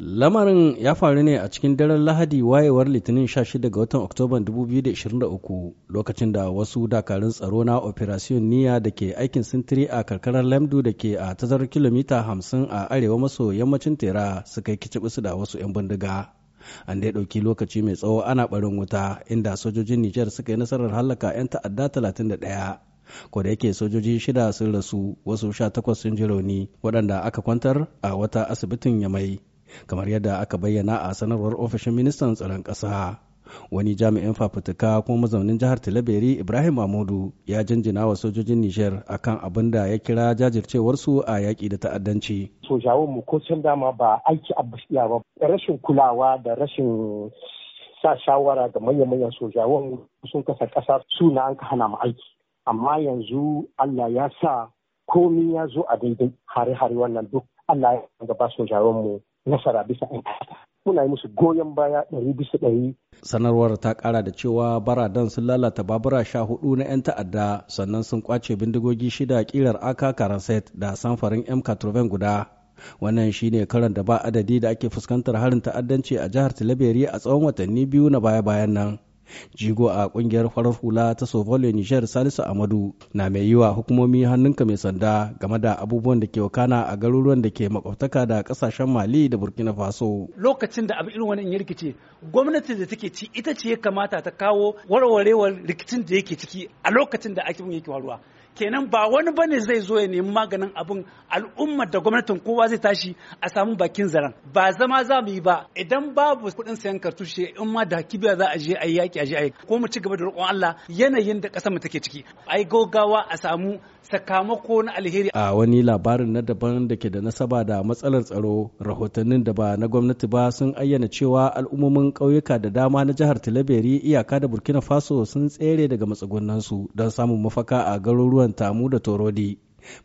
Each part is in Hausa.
Lamarin ya faru ne a cikin daren Lahadi wayewar Litinin 16 ga watan Oktoban 2023 lokacin da wasu dakarun tsaro na Operation Niya da ke aikin sintiri a karkarar Lamdu da ke a tazar kilomita 50 a arewa maso yammacin Tera suka yi kicibisu da wasu 'yan bindiga. An dai ɗauki lokaci mai tsawo ana barin wuta inda sojojin Nijar suka yi nasarar hallaka 'yan ta'adda 31. ko da yake sojoji shida sun rasu wasu sha takwas sun ji rauni waɗanda aka kwantar a wata asibitin yamai kamar yadda aka bayyana a sanarwar ofishin ministan tsaron ƙasa wani jami'in fafutuka kuma mazaunin jihar tilaberi ibrahim mahmudu ya jinjina wa sojojin nijar akan abin da ya kira jajircewarsu a yaƙi da ta'addanci sojawan mu ko can dama ba aiki a basiya ba rashin kulawa da rashin sa shawara ga manya-manyan sojawan sun kasa ƙasa suna an ka hana mu aiki amma yanzu allah ya sa komi ya zo a daidai hare-hare wannan duk allah ya gaba ba mu nasara bisa in muna yi musu goyon baya ɗari bisa ɗari. Sanarwar ta ƙara da cewa baradan sun lalata babura sha hudu na 'yan ta'adda sannan sun kwace bindigogi shida kilar aka karaset da samfarin m guda. Wannan shine karan da ba adadi da ake fuskantar harin ta'addanci a jihar Tilaberi a tsawon watanni biyu na baya-bayan nan. jigo a kungiyar farar hula ta sovolle niger salisu amadu na mai yi wa hukumomi hannunka mai sanda game da abubuwan da ke wakana a garuruwan da ke makwabtaka da kasashen mali da burkina faso lokacin da abu irin wani in rikice gwamnati da take ci ita ce ya kamata ta kawo warwarewar rikicin da yake ciki a lokacin da ake yake faruwa kenan ba wani bane zai zo ya nemi maganin abin al'umma da gwamnatin kowa zai tashi a samu bakin zaren ba zama za mu yi ba idan babu kuɗin sayan kartushe in ma da kibiya za a je a yi yaki a je a yi ko mu ci gaba da roƙon Allah yanayin da ƙasar mu take ciki ai gogawa a samu sakamako na alheri. A wani labarin na daban da ke da nasaba da matsalar tsaro, rahotannin da ba na gwamnati ba sun ayyana cewa al'ummomin ƙauyuka da dama na jihar tileberi iyaka da Burkina Faso sun tsere daga matsugunansu don samun mafaka a garuruwan Tamu da Torodi.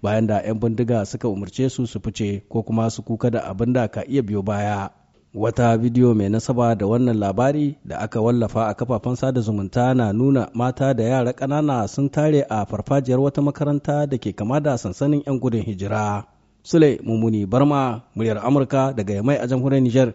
Bayan da 'yan bindiga suka umarce su su fice ko kuma su kuka da abin da ka iya biyo baya. wata bidiyo mai nasaba da wannan labari da aka wallafa a kafafen sada zumunta na nuna mata da yara ƙanana sun tare a farfajiyar wata makaranta da ke kama da sansanin 'yan gudun hijira sule mummuni barma muryar amurka daga yamai a jamhuriyar niger